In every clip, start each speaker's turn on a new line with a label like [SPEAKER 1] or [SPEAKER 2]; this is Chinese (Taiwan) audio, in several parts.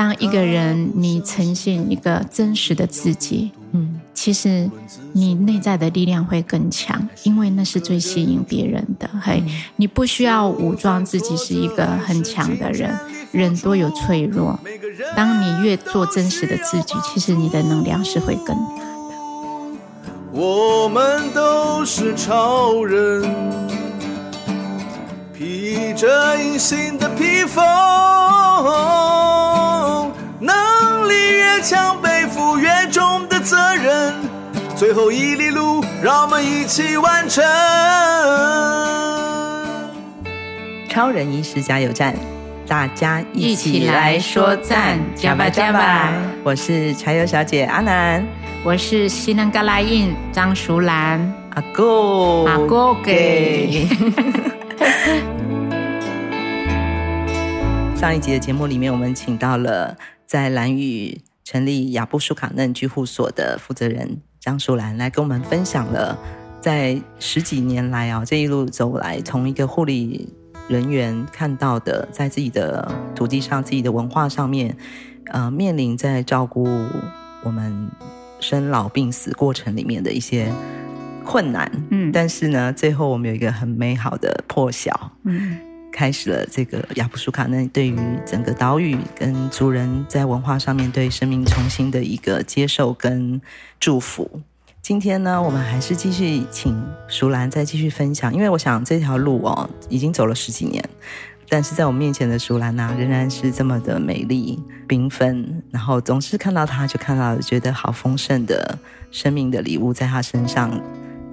[SPEAKER 1] 當一個人你呈現一個真實的自己，嗯，其實你內在的力量會更強，因為那是最吸引別人的。嘿，你不需要武裝自己是一個很強的人，人多有脆弱。當你越做真實的自己，其實你的能量是會更大的。
[SPEAKER 2] 我們都是超人，披着隱形的披風。超人醫師加油站，大家一起來說讚，加吧加吧！我是柴油小姐阿南，我是西能嘎拉印張淑蘭阿哥阿哥給。 上一集的節目裡面，我們請到了在蘭嶼。成立雅布書卡嫩居護所的負責人張淑蘭來跟我們分享了，在十幾年來啊、哦，這一路走來，從一個護理人員看到的，在自己的土地上、自己的文化上面，呃，面臨在照顧我們生老病死過程裡面的一些困難。嗯，但是呢，最後我們有一個很美好的破曉。嗯。開始了這個雅布書卡嫩，那對於整個島嶼跟族人在文化上面對生命重新的一個接受跟祝福。今天呢，我們還是繼續請淑蘭再繼續分享，因為我想這條路哦，已經走了十幾年，但是在我們面前的淑蘭呢，啊，仍然是這麼的美麗繽紛，然後總是看到她就看到覺得好豐盛的生命的禮物在她身上。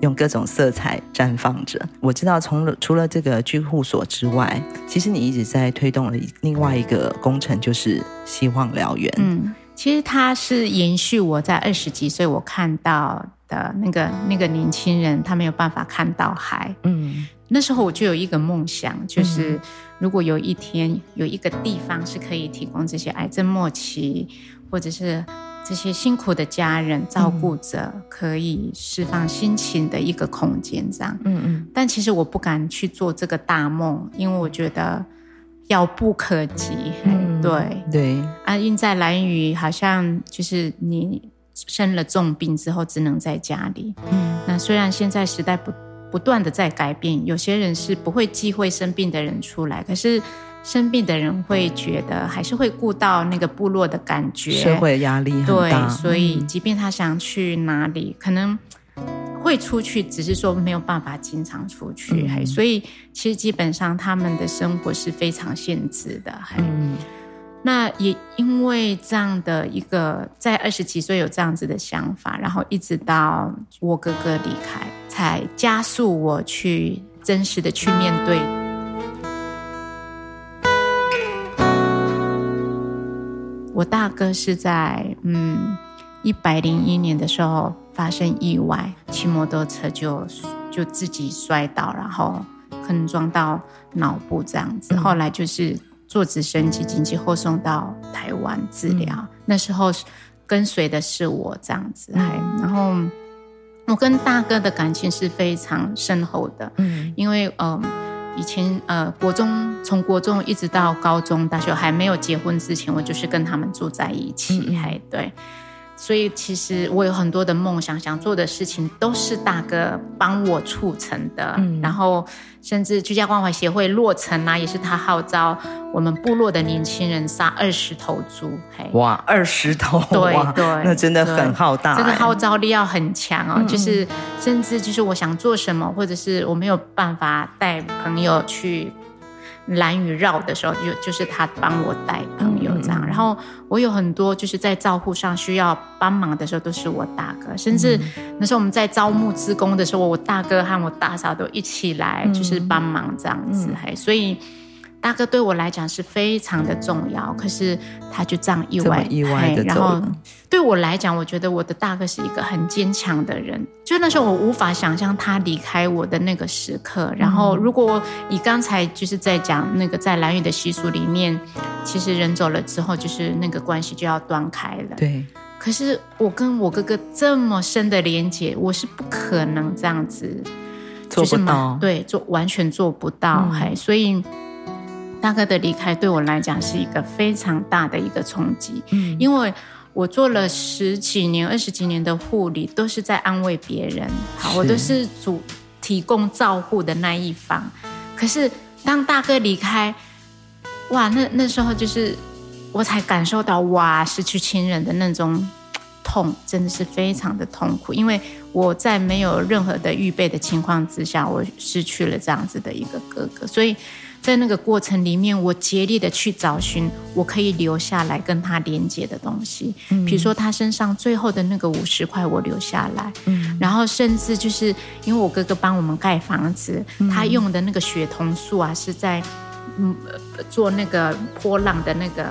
[SPEAKER 2] 用各種色彩綻放着。我知道從，從除了這個居護所之外，其實你一直在推動的另外一個工程，就是希望療園。
[SPEAKER 1] 嗯，其實它是延續我在二十幾歲我看到的那個那個年輕人，他沒有辦法看到海。嗯，那時候我就有一個夢想，就是如果有一天有一個地方是可以提供這些癌症末期或者是。這些辛苦的家人照顧者、嗯、可以釋放心情的一個空間，這樣。嗯嗯。但其實我不敢去做這個大夢，因為我覺得遙不可及。嗯欸、對對。啊，印在蘭嶼好像就是你生了重病之後，只能在家裡。嗯。那雖然現在時代不不斷的在改變，有些人是不會忌諱生病的人出來，可是。生病的人會覺得還是會顧到那個部落的感覺，社會壓
[SPEAKER 2] 力很大，對，所以
[SPEAKER 1] 即便他想去哪裡，嗯，可能會出去，只是說沒有辦法經常出去。嘿、嗯，所以其實基本上他們的生活是非常限制的。嗯、嘿，那也因為這樣的一個在二十幾歲有這樣子的想法，然後一直到我哥哥離開，才加速我去真實的去面對。我大哥是在嗯一百零一年的時候發生意外，騎摩托車就就自己摔倒，然後可能撞到腦部這樣子。後來就是坐直升機緊急後送到台灣治療，嗯，那時候跟隨的是我這樣子。嗯，然後我跟大哥的感情是非常深厚的，嗯，因為嗯。呃以前，呃，國中從國中一直到高中、大學還沒有結婚之前，我就是跟他們住在一起，對。所以其實我有很多的夢想，想做的事情都是大哥幫我促成的。嗯，然後甚至居家關懷協會落成啊，也是他號召我們部落的年輕人殺二十頭豬。
[SPEAKER 2] 哇，二十頭，哇，對，對，那真的很浩大，欸，這個
[SPEAKER 1] 號召力要很強啊，哦，就是甚至就是我想做什麼，或者是我沒有辦法帶朋友去。蘭嶼繞的時候，就就是他幫我帶朋友這樣，嗯、然後我有很多就是在照顧上需要幫忙的時候，都是我大哥，甚至那時候我們在招募職工的時候，我大哥和我大嫂都一起來，就是幫忙這樣子，嘿、嗯，所以。大哥對我來講是非常的重要，可是他就這樣意外意外的走了。然後對我來講，我覺得我的大哥是一個很堅強的人。就那時候，我無法想象他離開我的那個時刻。嗯、然後，如果以剛才就是在講那個在蘭嶼的習俗裡面，其實人走了之後，就是那個關係就要斷開了。
[SPEAKER 2] 對。
[SPEAKER 1] 可是我跟我哥哥這麼深的連結，我是不可能這樣子做不到。
[SPEAKER 2] 就是嘛、
[SPEAKER 1] 對，做完全做不到。嗯、嘿，所以。大哥的離開對我來講是一個非常大的一個衝擊，嗯，因為我做了十幾年、二十幾年的護理，都是在安慰別人，好，我都是主提供照護的那一方。可是當大哥離開，哇，那那時候就是我才感受到哇，失去親人的那種痛，真的是非常的痛苦。因為我在沒有任何的預備的情況之下，我失去了這樣子的一個哥哥，所以。在那個過程裡面，我竭力的去找尋我可以留下來跟他連接的東西，嗯，比如說他身上最後的那個五十塊我留下來，嗯，然後甚至就是因為我哥哥幫我們蓋房子，他用的那個血桐樹啊是在，嗯，做那個波浪的那個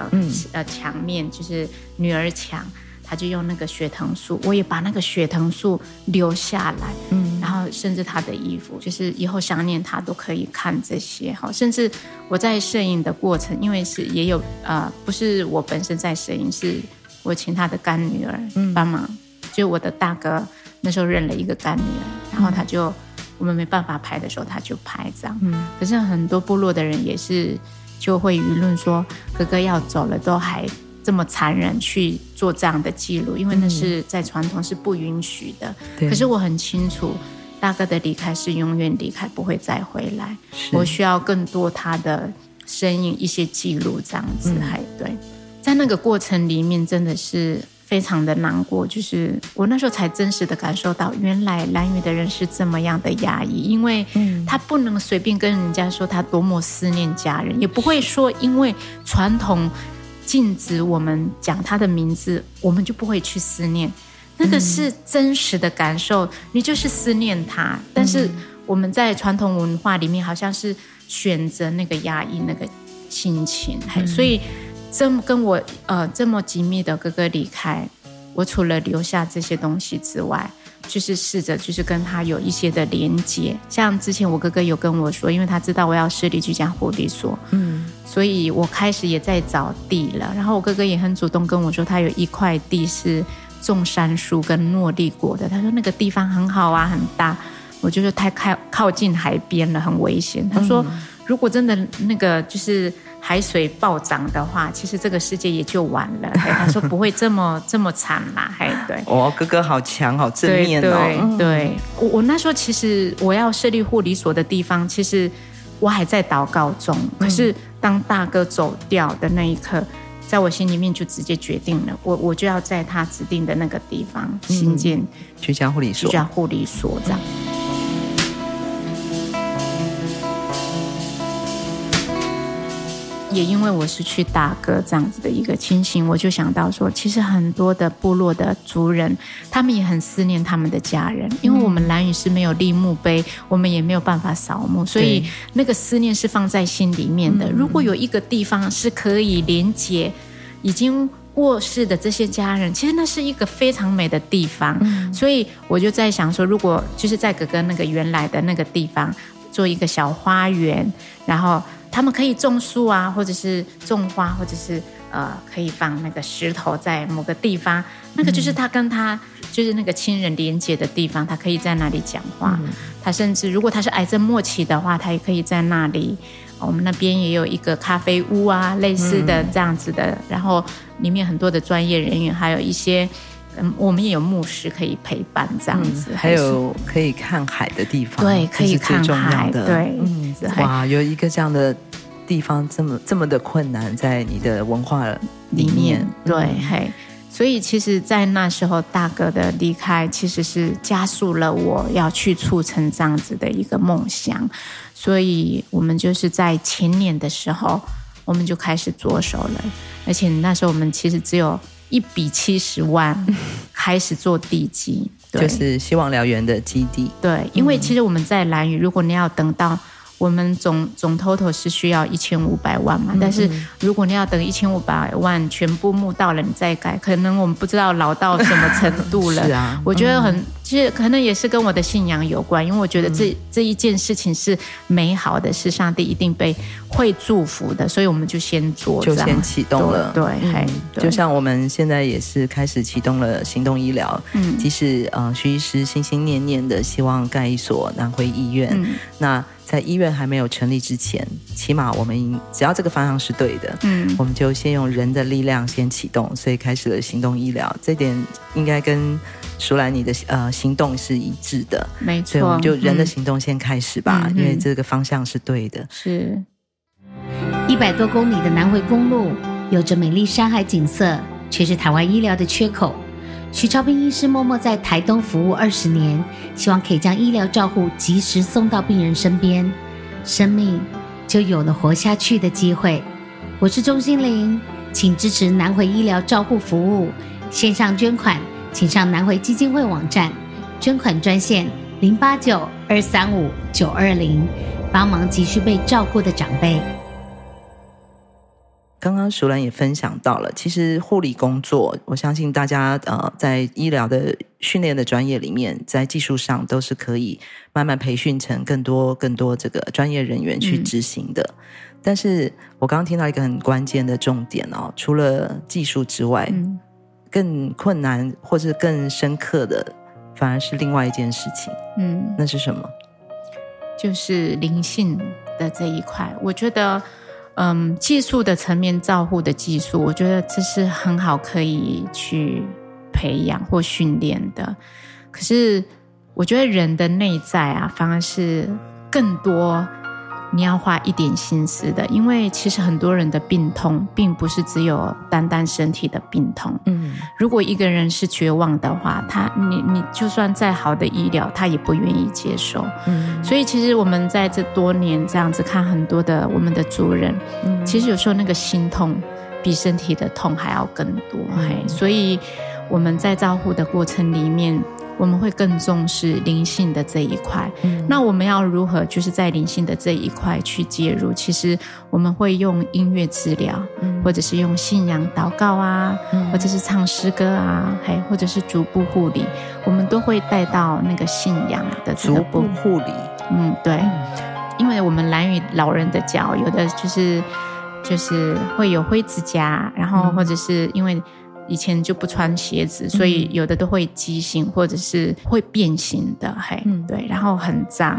[SPEAKER 1] 呃牆面，嗯，就是女兒牆。他就用那個血藤樹，我也把那個血藤樹留下來，嗯，然後甚至他的衣服，就是以後想念他都可以看這些，好，甚至我在攝影的過程，因為是也有呃，不是我本身在攝影，是我請他的乾女兒幫忙，嗯，就我的大哥那時候認了一個乾女兒，嗯，然後他就我們沒辦法拍的時候，他就拍這樣，嗯，可是很多部落的人也是就會輿論說，哥哥要走了都還。這麼殘忍去做這樣的記錄，因為那是在傳統是不允許的、嗯。可是我很清楚，大哥的離開是永遠離開，不會再回來。我需要更多他的身影，一些記錄這樣子。還對、嗯，在那個過程裡面，真的是非常的難過。就是我那時候才真實的感受到，原來蘭嶼的人是這麼樣的壓抑，因為他不能隨便跟人家說他多麼思念家人，嗯、也不會說因為傳統。禁止我們講他的名字，我們就不會去思念。那個是真實的感受，嗯、你就是思念他。但是我們在傳統文化裡面，好像是選擇那個壓抑那個心情，嗯。所以、呃，這麼跟我呃這麼緊密的哥哥離開，我除了留下這些東西之外，就是試着，就是跟他有一些的連接。像之前我哥哥有跟我說，因為他知道我要設立居家護理所，嗯，所以我開始也在找地了。然後我哥哥也很主動跟我說，他有一塊地是種杉樹跟諾麗果的。他說那個地方很好啊，很大。我就是太靠靠近海邊了，很危險。他說、嗯、如果真的那個就是。海水暴漲的話，其實這個世界也就完了。欸、他說不會這麼 這麼慘嘛？哎，對。
[SPEAKER 2] 哦，哥哥好強，好正面哦。對對對，
[SPEAKER 1] 我我那時候其實我要設立護理所的地方，其實我還在禱告中。可是當大哥走掉的那一刻，在我心裡面就直接決定了，我我就要在他指定的那個地方新建居、嗯、家護理所，居家護理所長、嗯也因為我是去大哥這樣子的一個情形。我就想到說，其實很多的部落的族人，他們也很思念他們的家人，因為我們蘭嶼是沒有立墓碑，我們也沒有辦法掃墓，所以那個思念是放在心裡面的。如果有一個地方是可以連接已經過世的這些家人，其實那是一個非常美的地方。所以我就在想說，如果就是在哥哥那個原來的那個地方做一個小花園，然後，他們可以種樹啊，或者是種花，或者是呃，可以放那個石頭在某個地方。那個就是他跟他就是那個親人連接的地方，他可以在那裡講話。嗯。他甚至如果他是癌症末期的話，他也可以在那裡。我們那邊也有一個咖啡屋啊，類似的這樣子的，然後裡面很多的專業人員，還有一些。嗯、我們也有牧師可以陪伴這樣子，嗯，還有
[SPEAKER 2] 可以看海的地方。對，可以看海。這是最重要的對。嗯，哇，有一個這樣的地方，這麼這麼的困難，在你的文化裡面。裡面
[SPEAKER 1] 對，嗯，嘿。所以，其實，在那時候，大哥的離開，其實是加速了我要去促成這樣子的一個夢想。所以，我們就是在前年的時候，我們就開始着手了。而且，那時候我們其實只有。一比七十萬開始做地基， 就是希望療園的基地。對，因為其實我們在蘭嶼，如果你要等到我們總總 total 是需要一千五百萬嘛，嗯，但是如果你要等一千五百萬全部募到了，你再改，可能我們不知道老到什麼程度了。 是啊，我覺得很。嗯其實可能也是跟我的信仰有關，因為我覺得這、嗯、這一件事情是美好的，是上帝一定
[SPEAKER 2] 被會祝福的，所以我們就先做、啊，就先啟動了對對、嗯。對，就像我們現在也是開始啟動了行動醫療。嗯，即使啊、呃，徐醫師心心念念的希望蓋一所南迴醫院、嗯，那在醫院還沒有成立之前，起碼我們只要這個方向是對的，嗯，我們就先用人的力量先啟動，所以開始了行動醫療。這點應該跟。淑蘭，你的呃行動是一致的，
[SPEAKER 1] 沒錯，所以我們就人的行
[SPEAKER 2] 動先開始吧，嗯、因為這個方向是對的。是
[SPEAKER 1] 一百多公里的南迴公路，有着美麗山海景色，卻是台灣醫療的缺口。徐超斌醫師默默在台東服務二十年，希望可以將醫療照護及時送到病人身邊，生命就有了活下去的機會。我是鍾欣凌，請支持南迴醫療照護服務線上捐款。請上南迴基金會網站，捐款專線零八九二三五九二零，幫忙急需被照顧的
[SPEAKER 2] 長輩。剛剛淑蘭也分享到了，其實護理工作，我相信大家呃，在醫療的訓練的專業裡面，在技術上都是可以慢慢培訓成更多更多這個專業人員去執行的。嗯、但是，我剛剛聽到一個很關鍵的重點哦，除了技術之外。嗯更困難或是更深刻的，反而是另外一件事情。嗯，那是什麼？就是靈性的這一塊。
[SPEAKER 1] 我覺得，嗯，技術的層面照護的技術，我覺得這是很好可以去培養或訓練的。可是，我覺得人的內在啊，反而是更多。你要花一點心思的，因為其實很多人的病痛並不是只有單單身體的病痛。嗯，如果一個人是絕望的話，他你你就算再好的醫療，他也不願意接受。嗯，所以其實我們在這多年這樣子看很多的我們的族人，嗯，其實有時候那個心痛比身體的痛還要更多。嗯，所以我們在照顧的過程裡面。我們會更重視靈性的這一塊、嗯。那我們要如何就是在靈性的這一塊去介入？其實我們會用音樂治療，嗯、或者是用信仰禱告啊，嗯、或者是唱詩歌啊，還或者是足部護理、嗯，我們都會帶到那個信仰的足部護理。嗯，對，嗯、因為我們蘭嶼老人的腳，有的就是就是會有灰指甲，然後或者是因為。以前就不穿鞋子，所以有的都會畸形或者是會變形的，嘿，嗯，對，然後很髒。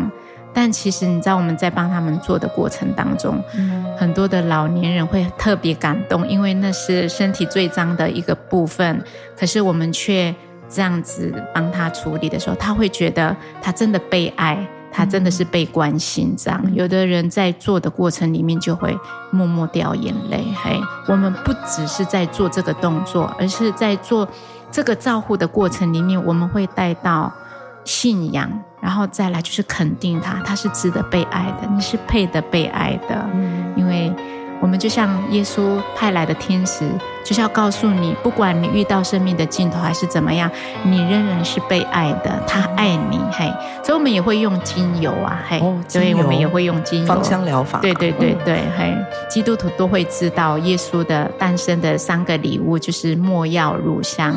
[SPEAKER 1] 但其實你知道我們在幫他們做的過程當中，嗯，很多的老年人會特別感動，因為那是身體最髒的一個部分。可是我們卻這樣子幫他處理的時候，他會覺得他真的被愛。他真的是被關心，這樣。有的人在做的過程裡面就會默默掉眼淚。嘿，我們不只是在做這個動作，而是在做這個照護的過程裡面，我們會帶到信仰，然後再來就是肯定他，他是值得被愛的，你是配得被愛的，嗯。因為。我們就像耶穌派來的天使，就是要告訴你，不管你遇到生命的盡頭還是怎麼樣，你仍然是被愛的，他愛你、哦、嘿。所以我們也會用精油啊嘿，所、哦、以我們也會用精油、芳香療法。對對對對，嘿，基督徒都會知道耶穌的誕生的三個禮物就是沒藥、乳香。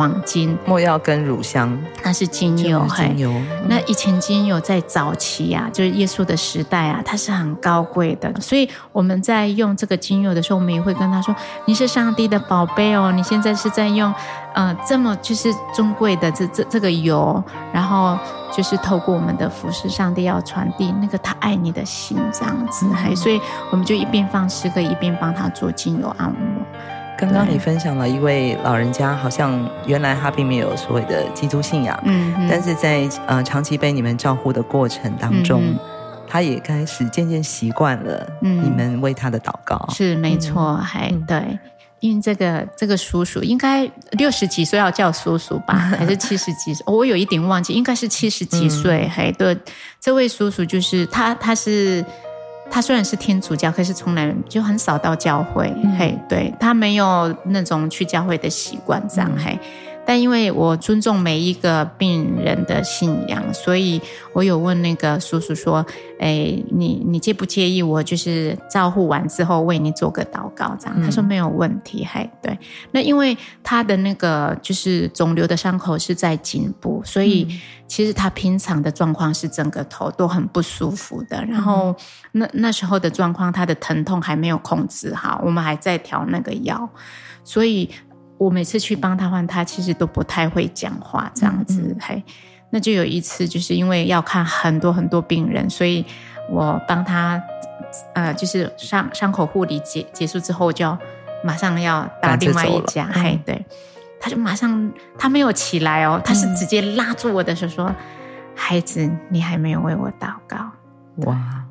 [SPEAKER 1] 黃金、沒藥跟乳香，那是精油。就是、精油，那以前精油在早期啊，就是耶穌的時代啊，它是很高貴的。所以我們在用這個精油的時候，我們也會跟他說：“你是上帝的寶貝哦，你現在是在用呃這麼就是尊貴的這這這個油，然後就是透過我們的服飾，上帝要傳遞那個他愛你的心這樣子。嗯”所以我們就一邊放詩歌，一邊幫他做精油按摩。剛剛你分
[SPEAKER 2] 享了一位老人家，好像原來他並沒有所謂的基督信仰，嗯、嗯，但是在呃長期被你們照顧的過程當中，嗯嗯他也開始漸漸習慣了，你們為他的禱告、嗯、是沒錯，還、嗯、對，
[SPEAKER 1] 因為這個這個叔叔應該六十幾歲要叫叔叔吧， 還是七十幾歲、哦？我有一點忘記，應該是七十幾歲，還、嗯、對，這位叔叔就是他，他是。他雖然是天主教，可是從來就很少到教會。嘿、嗯，對他沒有那種去教會的習慣，這樣嘿。但因為我尊重每一個病人的信仰，所以我有問那個叔叔說：“誒、欸，你你介不介意我就是照護完之後為你做個禱告？”這樣、嗯、他說沒有問題。嘿，對，那因為他的那個就是腫瘤的傷口是在頸部，所以其實他平常的狀況是整個頭都很不舒服的。然後那那時候的狀況，他的疼痛還沒有控制好，我們還在調那個藥，所以。我每次去幫他換，他其實都不太會講話，這樣子、嗯、嘿。那就有一次，就是因為要看很多很多病人，所以我幫他，呃，就是傷傷口護理結結束之後，就要馬上要到另外一家，嘿，對，他就馬上他沒有起來哦，他是直接拉住我的手說：“嗯、孩子，你還沒有為我禱告。”哇。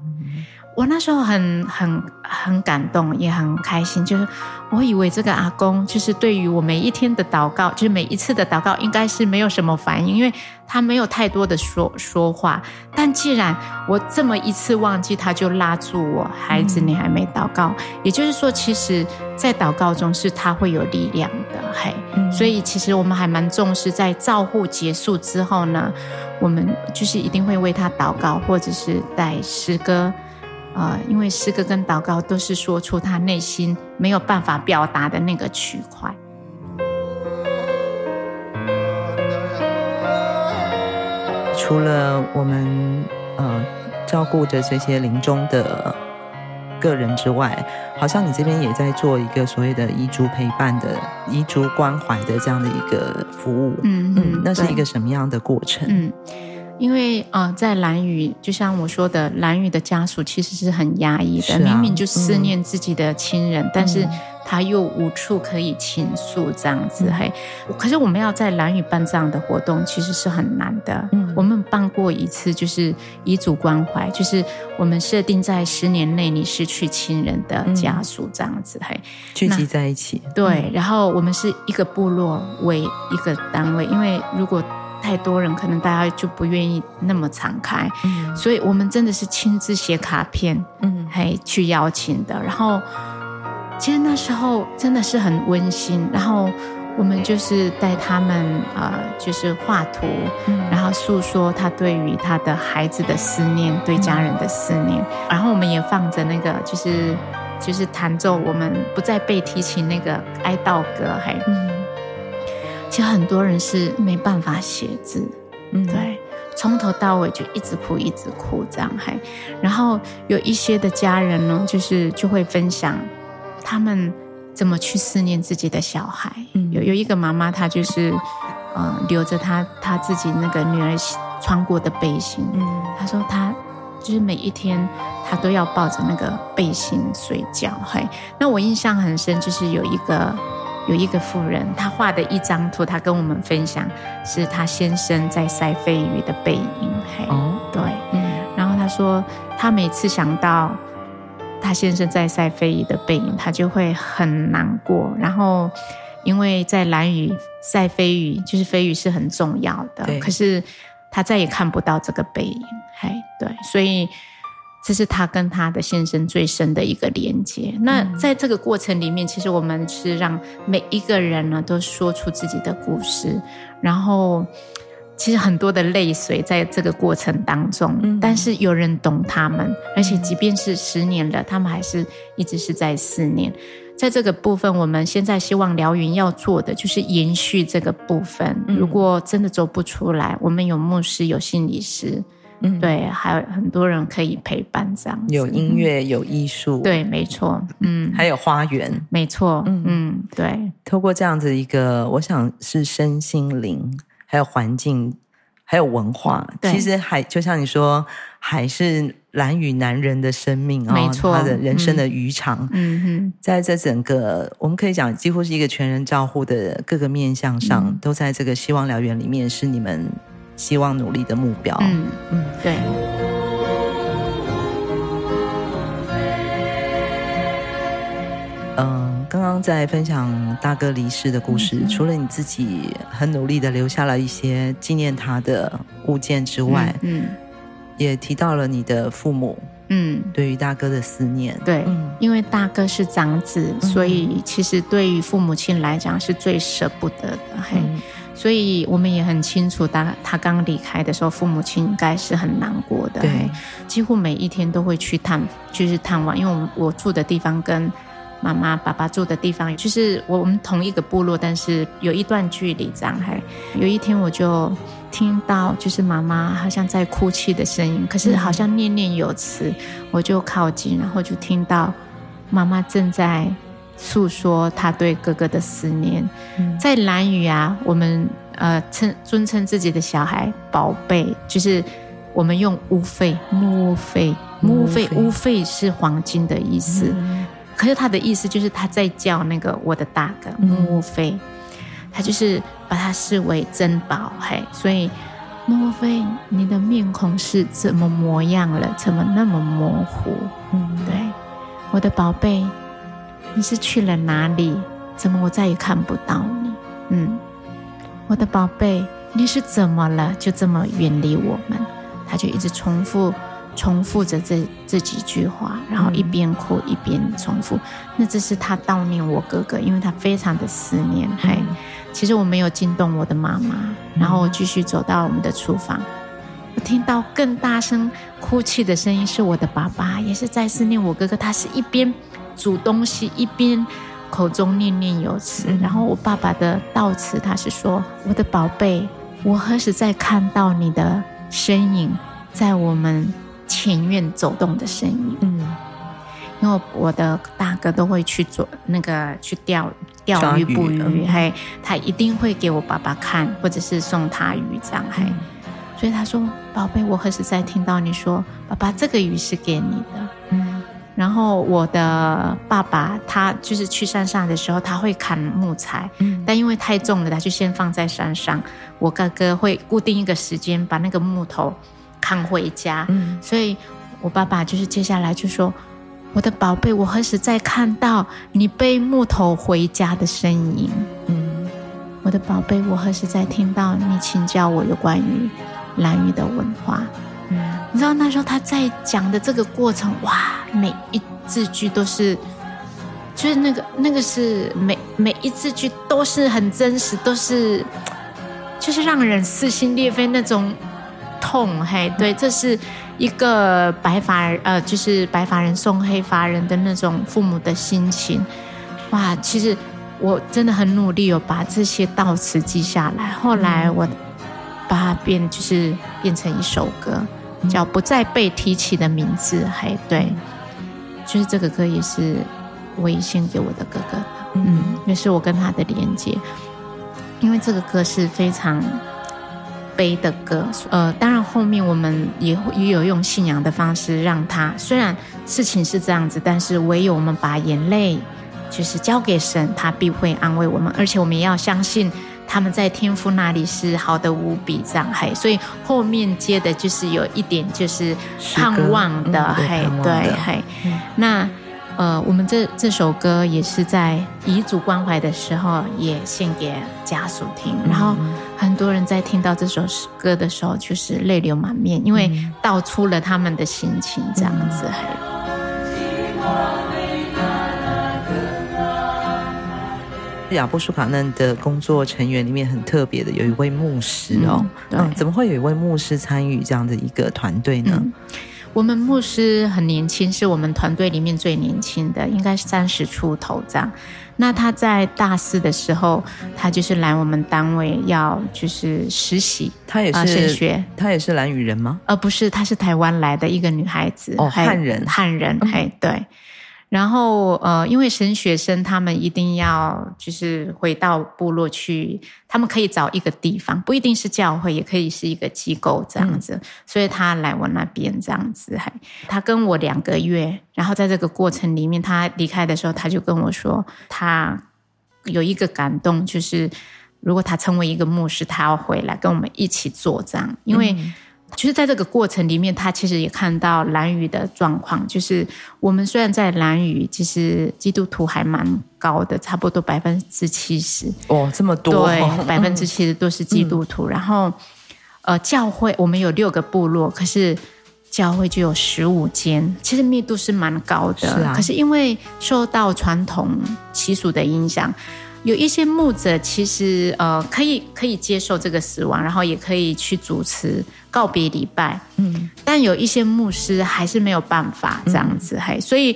[SPEAKER 1] 我那時候很很很感動，也很開心。就是我以為這個阿公，就是對於我每一天的禱告，就是每一次的禱告，應該是沒有什麼反應，因為他沒有太多的說說話。但既然我這麼一次忘記，他就拉住我。孩子，你還沒禱告。嗯、也就是說，其實，在禱告中是他會有力量的。嘿、嗯，所以其實我們還蠻重視，在照護結束之後呢，我們就是一定會為他禱告，或者是帶詩歌。啊、呃，因為詩歌跟禱告都是說出他內心沒有辦法表達的那個區塊。
[SPEAKER 2] 除了我們呃照顧着這些臨終的個人之外，好像你這邊也在做一個所謂的遺族陪伴的遺族關懷的這樣的一個服務。嗯嗯，那是一個什麼樣的過程？嗯。
[SPEAKER 1] 因為啊，在蘭嶼，就像我說的，蘭嶼的家屬其實是很壓抑的、啊，明明就思念自己的親人，嗯、但是他又無處可以傾訴，這樣子嘿、嗯。可是我們要在蘭嶼辦這樣的活動，其實是很難的。嗯、我們辦過一次，就是遺族關懷，就是我們設定在十年內你失去親人的家屬這樣子嘿、嗯，聚集在一起。對、嗯，然後我們是一個部落為一個單位，因為如果。太多人，可能大家就不願意那麼敞開、嗯，所以我們真的是親自寫卡片，嗯，嘿，去邀請的。然後，其實那時候真的是很溫馨。然後我們就是帶他們、嗯，呃，就是畫圖，然後訴說他對於他的孩子的思念，嗯、對家人的思念。嗯、然後我們也放着那個，就是就是彈奏我們不再被提起那個哀悼歌，嘿。嗯其實很多人是沒辦法寫字，嗯，對，從頭到尾就一直哭，一直哭，這樣還，然後有一些的家人呢，就是就會分享他們怎麼去思念自己的小孩。嗯，有有一個媽媽，她就是，呃，留着她她自己那個女兒穿過的背心。嗯，她說她就是每一天她都要抱着那個背心睡覺。嘿、嗯，那我印象很深，就是有一個。有一個婦人，她畫的一張圖，她跟我們分享，是她先生在曬飛魚的背影。哦，對，嗯。然後她說，她每次想到她先生在曬飛魚的背影，她就會很難過。然後，因為在蘭嶼曬飛魚，就是飛魚是很重要的，可是她再也看不到這個背影。嘿，對，所以。這是他跟他的先生最深的一個連接。那在這個過程裡面，嗯、其實我們是讓每一個人呢都說出自己的故事，然後其實很多的淚水在這個過程當中，嗯，但是有人懂他們，而且即便是十年了，嗯、他們還是一直是在思念。在這個部分，我們現在希望療園要做的就是延續這個部分，嗯。如果真的走不出來，我們有牧師，有心理師。嗯，對，還有很多人可以陪伴這樣子，有音樂，有藝
[SPEAKER 2] 術，嗯、對，沒錯，嗯，還有花園，沒錯，嗯嗯，對，透過這樣子一個，我想是身心靈，還有環境，還有文化，其實海就像你說，海是蘭嶼男人的生命，哦，沒錯，他的人生的漁場，嗯哼，在這整個我們可以講，幾乎是一個全人照護的各個面向上，嗯、都在這個希望療園裡面，是你們。希望努力的目標。嗯嗯，對。嗯，剛剛在分享大哥離世的故事，嗯、除了你自己很努力的留下了一些紀念他的物件之外嗯，嗯，也提到了你的父母，嗯，對於大哥的思念、
[SPEAKER 1] 嗯。對，因為大哥是長子、嗯，所以其實對於父母親來講是最捨不得的。嗯、嘿。嗯所以我們也很清楚他，他他剛離開的時候，父母親應該是很難過的。對，幾乎每一天都會去探，就是探望，因為我我住的地方跟媽媽爸爸住的地方，就是我們同一個部落，但是有一段距離。這樣，還有一天我就聽到，就是媽媽好像在哭泣的聲音，可是好像念念有詞。嗯。我就靠近，然後就聽到媽媽正在。訴說他對哥哥的思念，嗯、在蘭嶼啊，我們呃稱尊稱自己的小孩寶貝，就是我們用烏費莫烏費莫烏費烏費是黃金的意思嗯嗯，可是他的意思就是他在叫那個我的大哥莫烏費，他就是把他視為珍寶，嘿，所以莫烏費，你的面孔是怎麼模樣了？怎麼那麼模糊？嗯，對，我的寶貝。你是去了哪裡？怎麼我再也看不到你？嗯，我的寶貝，你是怎麼了？就這麼遠離我們？他就一直重複、重複着這這幾句話，然後一邊哭一邊重複、嗯。那這是他悼念我哥哥，因為他非常的思念。還、嗯、其實我沒有驚動我的媽媽，然後我繼續走到我們的廚房、嗯，我聽到更大聲哭泣的聲音是我的爸爸，也是在思念我哥哥。他是一邊。煮東西，一邊口中念念有詞，嗯、然後我爸爸的悼詞他是說、嗯：“我的寶貝，我何時再看到你的身影，在我們前院走動的身影？”嗯，因為我的大哥都會去做那個去釣釣魚，釣魚捕魚，還、嗯、他一定會給我爸爸看，或者是送他魚這樣、嗯、所以他說：“寶貝，我何時再聽到你說爸爸這個魚是給你的？”嗯然後我的爸爸他就是去山上的時候，他會砍木材、嗯，但因為太重了，他就先放在山上。我哥哥會固定一個時間把那個木頭扛回家，嗯、所以我爸爸就是接下來就說：“嗯、我的寶貝，我何時再看到你背木頭回家的身影？嗯，我的寶貝，我何時再聽到你請教我有關於蘭嶼的文化？”嗯，你知道那時候他在講的這個過程，哇，每一字句都是，就是那個那個是每每一字句都是很真實，都是，就是讓人撕心裂肺那種痛。嘿，對，這是一個白髮呃，就是白髮人送黑髮人的那種父母的心情。哇，其實我真的很努力，有把這些悼詞記下來。後來我把它變，就是變成一首歌。叫不再被提起的名字，還、嗯、對，就是這個歌也是我以獻給我的哥哥，嗯，也是我跟他的連接，因為這個歌是非常悲的歌，呃，當然後面我們也也有用信仰的方式讓他，雖然事情是這樣子，但是唯有我們把眼淚就是交給神，他必會安慰我們，而且我們也要相信，他們在天父那裡是好得無比，這樣嘿，所以後面接的就是有一點就是盼望的嘿、嗯，對嘿、嗯。那呃，我們這這首歌也是在遺族關懷的時候也獻給家屬聽，然後很多人在聽到這首歌的時候就是淚流滿面，因為道出了他們的心情這樣子嘿。嗯嗯
[SPEAKER 2] 雅布書卡嫩的工作成員裡面很特別的，有一位牧師哦、嗯，嗯，怎麼會有一位牧師參與這樣的一個團隊呢、嗯？
[SPEAKER 1] 我們牧師很年輕，是我們團隊裡面最年輕的，應該是三十出頭這樣。那他在大四的時候，他就是來我們單位要就是實習，他也是、呃、學，他也是蘭嶼人嗎？呃，不是，他是台灣來的一個女孩子，哦，漢人，漢人，哎、okay, 嗯，對。然後，呃，因為神學生他們一定要就是回到部落去，他們可以找一個地方，不一定是教會，也可以是一個機構這樣子、嗯。所以他來我那邊這樣子，還他跟我兩個月，然後在這個過程裡面，他離開的時候，他就跟我說，他有一個感動，就是如果他成為一個牧師，他要回來跟我們一起做這樣，因為、嗯。其實、就是在這個過程裡面，他其實也看到蘭嶼的狀況。就是我們雖然在蘭嶼，其實基督徒還蠻高的，差不多百分之七十。哦，這麼多，對，百分之七十都是基督徒、嗯。然後，呃，教會我們有六個部落，可是教會就有十五間，其實密度是蠻高的、啊。可是因為受到傳統習俗的影響。有一些牧者其實呃可以可以接受這個死亡，然後也可以去主持告別禮拜，嗯，但有一些牧師還是沒有辦法這樣子嘿、嗯，所以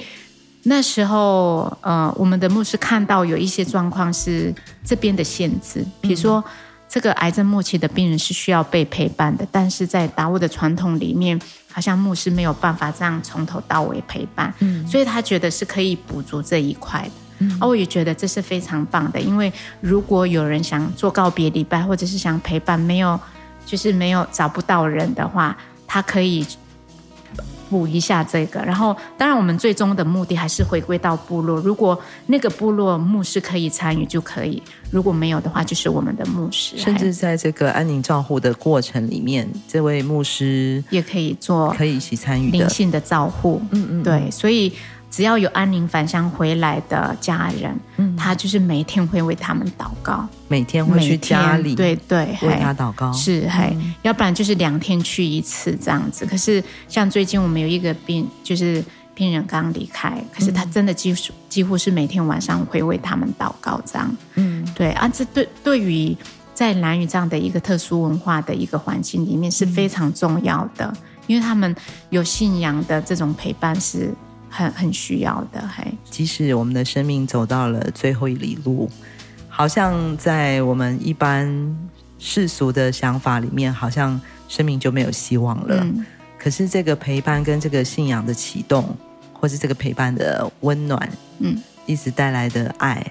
[SPEAKER 1] 那時候呃我們的牧師看到有一些狀況是這邊的限制，比如說、嗯、這個癌症末期的病人是需要被陪伴的，但是在達悟的傳統裡面，好像牧師沒有辦法這樣從頭到尾陪伴，嗯，所以他覺得是可以補足這一塊的。啊，我也覺得這是非常棒的，因為如果有人想做告別禮拜，或者是想陪伴，沒有就是沒有找不到人的話，他可以補一下這個。然後，當然，我們最終的目的還是回歸到部落。如果那個部落牧師可以參與就可以，如果沒
[SPEAKER 2] 有的話，就是我們的牧師。甚至在這個安寧照護的過程裡面，這位牧師也可以做，可以一起參與靈性的照護。嗯嗯嗯，對，所以。只
[SPEAKER 1] 要有安寧返鄉回來的家人，嗯、他就是每天會為他們禱告，
[SPEAKER 2] 每天會去家裡，每天，對對，為他禱告是嘿、嗯，
[SPEAKER 1] 要不然就是兩天去一次這樣子。可是像最近我們有一個病，就是病人剛離開，可是他真的幾乎、嗯、幾乎是每天晚上會為他們禱告這樣。嗯，對啊，這對對於在蘭嶼這樣的一個特殊文化的一個環境裡面是非常重要的、嗯，因為他們有信仰的這種陪伴是。很很需要
[SPEAKER 2] 的。還即使我們的生命走到了最後一哩路，好像在我們一般世俗的想法裡面，好像生命就沒有希望了。嗯、可是這個陪伴跟這個信仰的啟動，或是這個陪伴的溫暖，嗯，一直帶來的愛，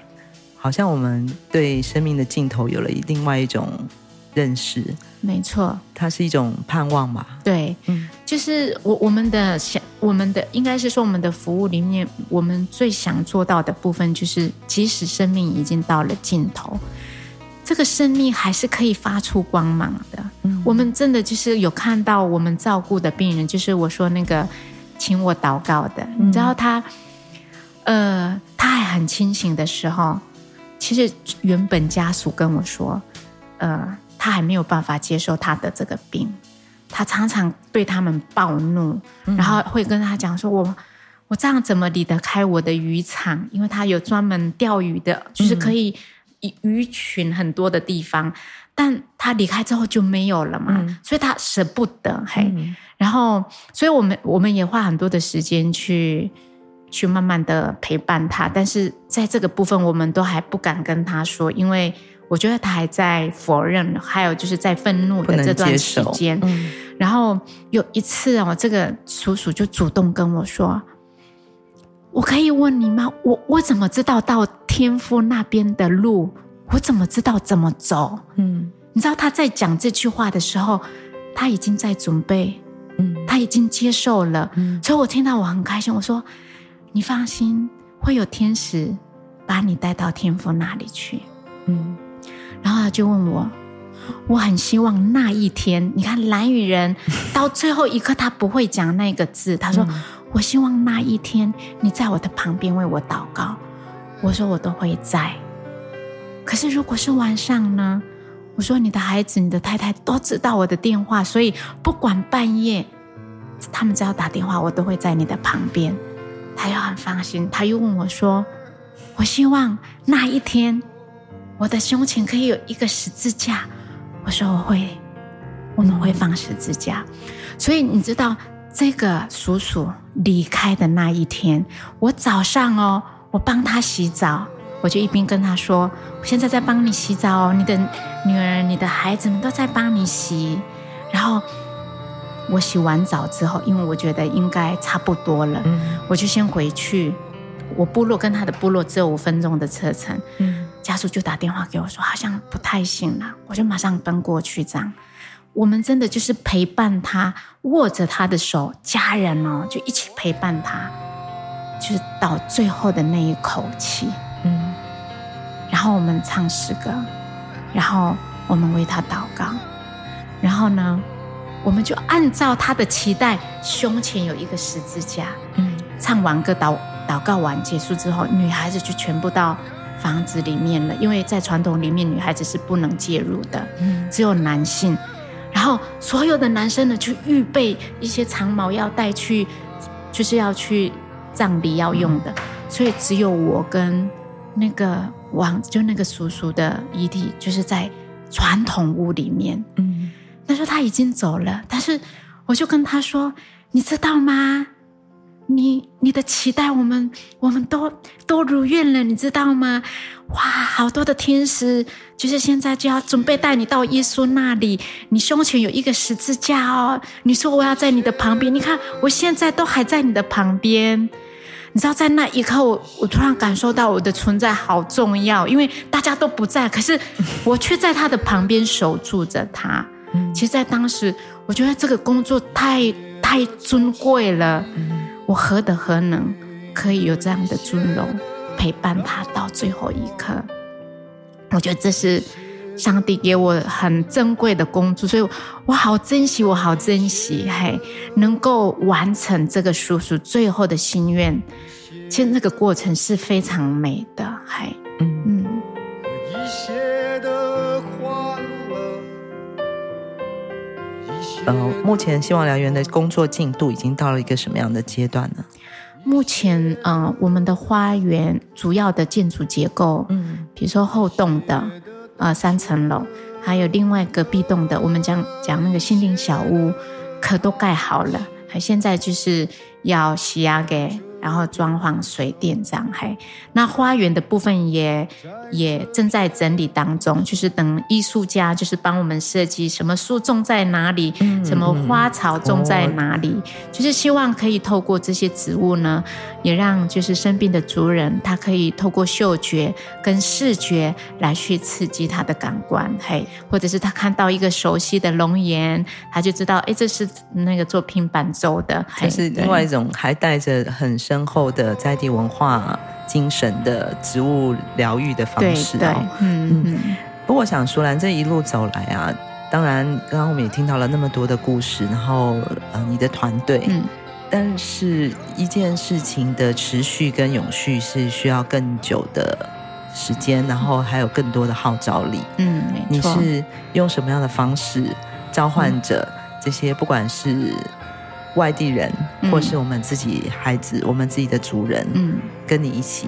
[SPEAKER 2] 好像我們對生命的盡頭有了另外一種。認識，沒錯，它是一種盼望吧。
[SPEAKER 1] 對，嗯，就是我我們的想我們的應該是說我們的服務裡面，我們最想做到的部分，就是即使生命已經到了盡頭，這個生命還是可以發出光芒的。嗯，我們真的就是有看到我們照顧的病人，就是我說那個請我禱告的，你、嗯、知道他，呃，他還很清醒的時候，其實原本家屬跟我說，呃。他還沒有辦法接受他的這個病，他常常對他們暴怒，然後會跟他講說：“我我這樣怎麼離得開我的漁場？因為他有專門釣魚的，就是可以魚魚群很多的地方。嗯、但他離開之後就沒有了嘛，嗯、所以他捨不得。嘿、嗯，然後，所以我們我們也花很多的時間去去慢慢的陪伴他，但是在這個部分，我們都還不敢跟他說，因為。我覺得他還在否認，還有就是在憤怒的這段時間。嗯，然後有一次我這個叔叔就主動跟我說：“我可以問你嗎？我我怎麼知道到天父那邊的路？我怎麼知道怎麼走？”嗯，你知道他在講這句話的時候，他已經在準備，嗯，他已經接受了。嗯，所以我聽到我很開心。我說：“你放心，會有天使把你帶到天父那裡去。”嗯。然後他就問我，我很希望那一天，你看蘭嶼人到最後一刻他不會講那個字。他說，嗯：“我希望那一天你在我的旁邊為我禱告。”我說：“我都會在。”可是如果是晚上呢？我說：“你的孩子、你的太太都知道我的電話，所以不管半夜他們只要打電話，我都會在你的旁邊。”他又很放心，他又問我說：“我希望那一天。”我的胸前可以有一個十字架，我說我會，我們會放十字架。嗯。所以你知道，這個叔叔離開的那一天，我早上哦，我幫他洗澡，我就一邊跟他說：“我現在在幫你洗澡哦，你的女兒、你的孩子們都在幫你洗。”然後我洗完澡之後，因為我覺得應該差不多了，我就先回去。我部落跟他的部落只有五分鐘的車程，家屬就打電話給我說，好像不太行了，我就馬上奔過去。這樣，我們真的就是陪伴他，握着他的手，家人哦、喔，就一起陪伴他，就是到最後的那一口氣，嗯。然後我們唱詩歌，然後我們為他禱告，然後呢，我們就按照他的期待，胸前有一個十字架，嗯。唱完歌，禱禱告完結束之後，女孩子就全部到。房子裡面了，因為在傳統裡面，女孩子是不能介入的，嗯。只有男性。然後所有的男生呢，就預備一些長矛，要帶去，就是要去葬禮要用的，嗯。所以只有我跟那個王，就那個叔叔的遺體，就是在傳統屋裡面。嗯，那時候他已經走了，但是我就跟他說：“你知道嗎？”你你的期待，我們我們都都如願了，你知道嗎？哇，好多的天使，就是現在就要準備帶你到耶穌那裡。你胸前有一個十字架哦，你說我要在你的旁邊，你看我現在都還在你的旁邊。你知道，在那一刻，我突然感受到我的存在好重要，因為大家都不在，可是我卻在他的旁邊守住着他。其實，在當時，我覺得這個工作太太尊貴了。嗯我何德何能，可以有這樣的尊榮，陪伴他到最後一刻？我覺得這是上帝給我很珍貴的工作，所以我好珍惜，我好珍惜，嘿，能夠完成這個叔叔最後的心願。其實那個過程是非常美的，嘿，嗯。嗯
[SPEAKER 2] 呃、嗯，目前希望療園的工作進度已經到了一個什麼樣的階段呢？目前，呃，
[SPEAKER 1] 我們的花園主要的建築結構，嗯，比如說後棟的，呃，三層樓，還有另外隔壁棟的，我們講講那個心靈小屋，可都蓋好了，還現在就是要洗壓給。然後裝潢水電這樣，嘿，那花園的部分也也正在整理當中，就是等藝術家就是幫我們設計什麼樹種在哪裡，嗯、什麼花草種在哪裡、嗯，就是希望可以透過這些植物呢，哦、也讓就是生病的族人他可以透過嗅覺跟視覺來去刺激他的感官，嘿，或者是他看到一個熟悉的容顏，他就知道哎、欸，這是那個做拼板舟的，還是另外一種
[SPEAKER 2] 還帶着很深。深厚的在地文化精神的植物療癒的方式哦，對對嗯嗯。不過，想淑蘭這一路走來啊，當然，剛剛我們也聽到了那麼多的故事，然後，嗯、呃，你的團隊，嗯，但是一件事情的持續跟永續是需要更久的時間，然後還有更多的號召力，嗯，
[SPEAKER 1] 沒錯，你是
[SPEAKER 2] 用什麼樣的方式召喚着這些，嗯、不管是，外地人，或是我們自己孩子，嗯、我們自己的族人，嗯，跟你一起。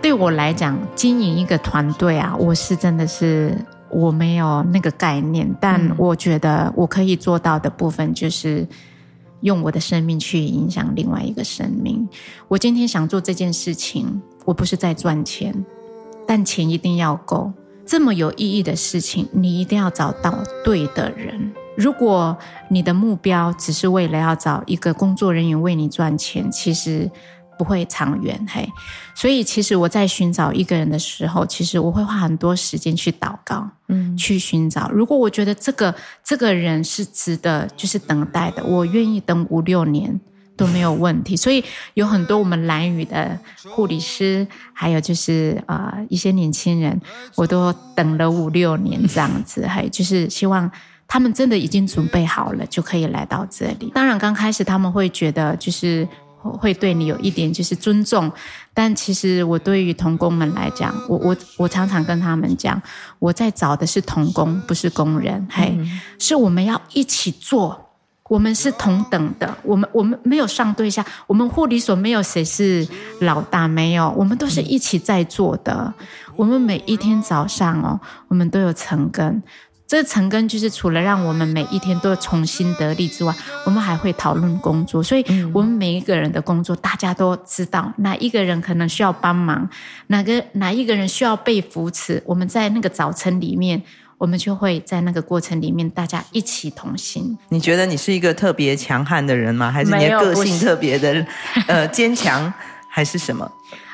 [SPEAKER 1] 對我來講，經營一個團隊啊，我是真的是我沒有那個概念，但我覺得我可以做到的部分，就是用我的生命去影響另外一個生命。我今天想做這件事情，我不是在賺錢，但錢一定要夠。這麼有意義的事情，你一定要找到對的人。如果你的目標只是為了要找一個工作人員為你賺錢，其實不會長遠。嘿，所以其實我在尋找一個人的時候，其實我會花很多時間去禱告，嗯，去尋找。如果我覺得這個這個人是值得，就是等待的，我願意等五六年都沒有問題。所以有很多我們蘭嶼的護理師，還有就是啊、呃、一些年輕人，我都等了五六年這樣子，嘿，就是希望。他們真的已經準備好了，就可以來到這裡。當然，剛開始他們會覺得就是會對你有一點就是尊重，但其實我對於同工們來講，我我我常常跟他們講，我在找的是同工，不是工人。嘿、嗯嗯，hey, 是我們要一起做，我們是同等的，我們我們沒有上對下，我們護理所沒有誰是老大，沒有，我們都是一起在做的。嗯、我們每一天早上哦，我們都有晨更。這個晨更就是除了讓我們每一天都重新得力之外，我們還會討論工作。所以我們每一個人的工作，大家都知道哪一個人可能需要幫忙，哪個哪一個人需要被扶持。我們在那個早晨裡面，我們就會在那個過程裡面大家一起同行。
[SPEAKER 2] 你覺得你是一個特別強悍的人嗎？還是你的個性特別的呃堅強，還是什麼？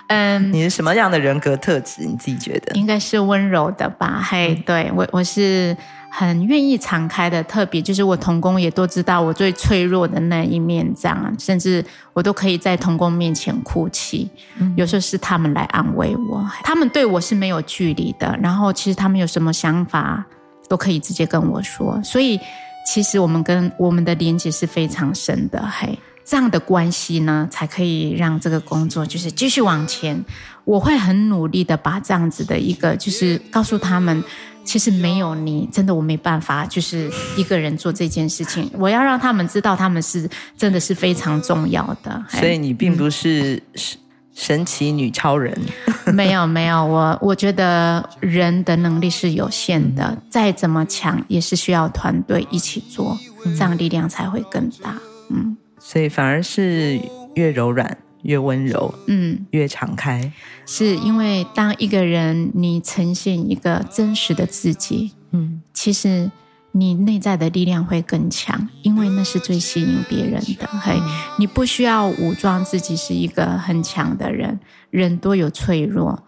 [SPEAKER 2] 嗯，你是什麼樣的人格特質？你自己覺得應該是溫柔的吧？嘿、hey，
[SPEAKER 1] 對，我，我是很願意敞開的，特別就是我同工也都知道我最脆弱的那一面，這樣啊，甚至我都可以在同工面前哭泣，有時候是他們來安慰我，他們對我是沒有距離的。然後其實他們有什麼想法都可以直接跟我說，所以其實我們跟我們的連接是非常深的，嘿、hey。這樣的關係呢，才可以讓這個工作就是繼續往前。我會很努力的把這樣子的一個，就是告訴他們，其實沒有你，真的我沒辦法，就是一個人做這件事情。 我要讓他們知道，他們是真的是非常重要的。所以你並不
[SPEAKER 2] 是神神奇女超人。
[SPEAKER 1] 沒有沒有，我我覺得人的能力是有限的，再怎麼強也是需要團隊一起做，這樣力量才會更
[SPEAKER 2] 大。嗯。所以反而是越柔軟、越溫柔，嗯，越敞開。
[SPEAKER 1] 是因為當一個人你呈現一個真實的自己，嗯，其實你內在的力量會更強，因為那是最吸引別人的。嗯。嘿，你不需要武裝自己是一個很強的人，人多有脆弱。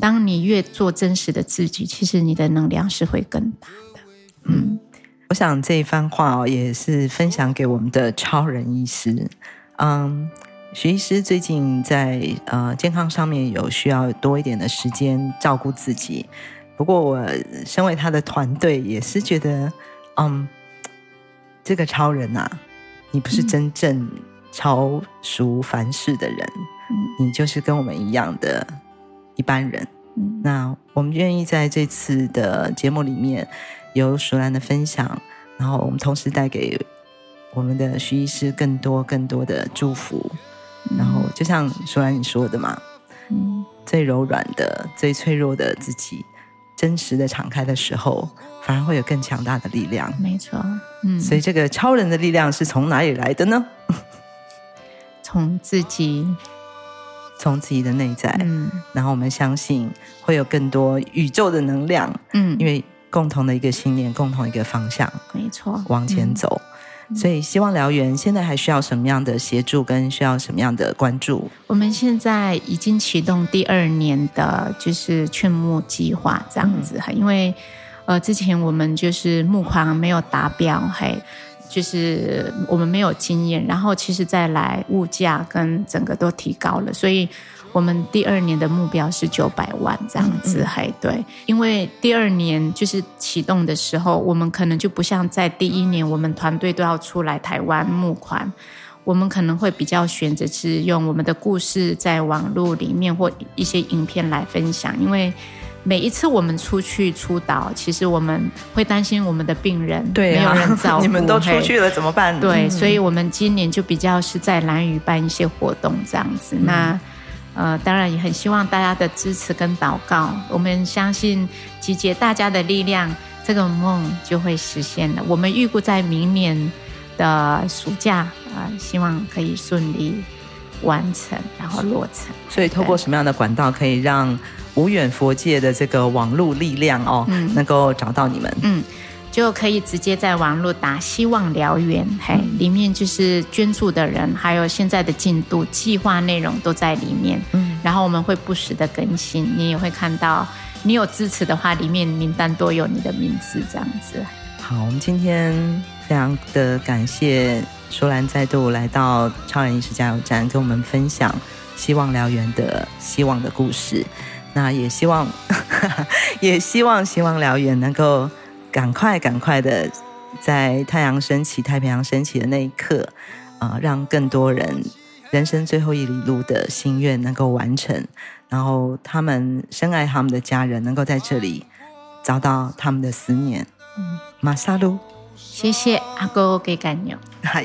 [SPEAKER 1] 當你越做真實的自己，其實你的能量
[SPEAKER 2] 是會更大的，嗯。嗯.想這一番話也是分享給我們的超人醫師。嗯、um,，徐醫師最近在呃、uh, 健康上面有需要多一點的時間照顧自己。不過我身為他的團隊，也是覺得，嗯、um,，這個超人啊，你不是真正超俗凡事的人、嗯，你就是跟我們一樣的一般人。嗯、那我們願意在這次的節目裡面。有舒蘭的分享，然後我們同時帶給我們的徐醫師更多更多的祝福。嗯，然後就像舒蘭你說的嘛，嗯，最柔軟的、最脆弱的自己，真實的敞開的時候，反而會有更強大的力量。沒錯，嗯，所以這個超人的力量是從哪裡來的呢？從 自己，從自己的內在。嗯。然後我們相信會有更多宇宙的能量。嗯，因為。共同的一個信念，共同一個方向，
[SPEAKER 1] 沒錯，往前
[SPEAKER 2] 走。嗯、所以，希望療園現在還需要什麼樣的協助，跟需要什麼樣的關注？
[SPEAKER 1] 我們現在已經啟動第二年的就是勸募計劃，這樣子哈、嗯，因為呃，之前我們就是募款沒有達標，嘿，就是我們沒有經驗，然後其實再來物價跟整個都提高了，所以。我們第二年的目標是九百萬這樣子，還、嗯嗯、對？因為第二年就是啟動的時候，我們可能就不像在第一年，我們團隊都要出來台灣募款，我們可能會比較選擇是用我們的故事在網絡裡面或一些影片來分享。因為每一次我們出去出島，其實我們會擔心我們的病人對、啊、沒有人照顧 你們都出去了怎麼辦？對、嗯，所以我們今年就比較是在蘭嶼辦一些活動這樣子。嗯、那。呃，當然也很希望大家的支持跟禱告。我們相信集結大家的力量，這個夢就會實現了。我們預估在明年的暑假，呃，希望可以順利完成，然後落成。
[SPEAKER 2] 所以，透過什麼樣的管道可以讓無遠弗屆的這個網絡力量哦，嗯，能夠找到你們？嗯。
[SPEAKER 1] 就可以直接在網絡打“希望療園”，嘿、嗯，裡面就是捐助的人，還有現在的進度、計劃內容都在裡面。嗯，然後我們會不時的更新，你也會看到。你有支持的話，裡面名單都有你的名字，這樣子。
[SPEAKER 2] 好，我們今天非常的感謝淑蘭再度來到超人醫師加油站，跟我們分享“希望療園”的希望的故事。那也希望， 也希望“希望療園”能夠。趕快，趕快的，在太陽升起、太平洋升起的那一刻，啊、呃，讓更多人人生最後一里路的心願能夠完成，然後他們深愛他們的家人能夠在這裡找到他們的思念。嗯、馬薩路，謝
[SPEAKER 1] 謝阿哥給干牛。
[SPEAKER 2] 嗨。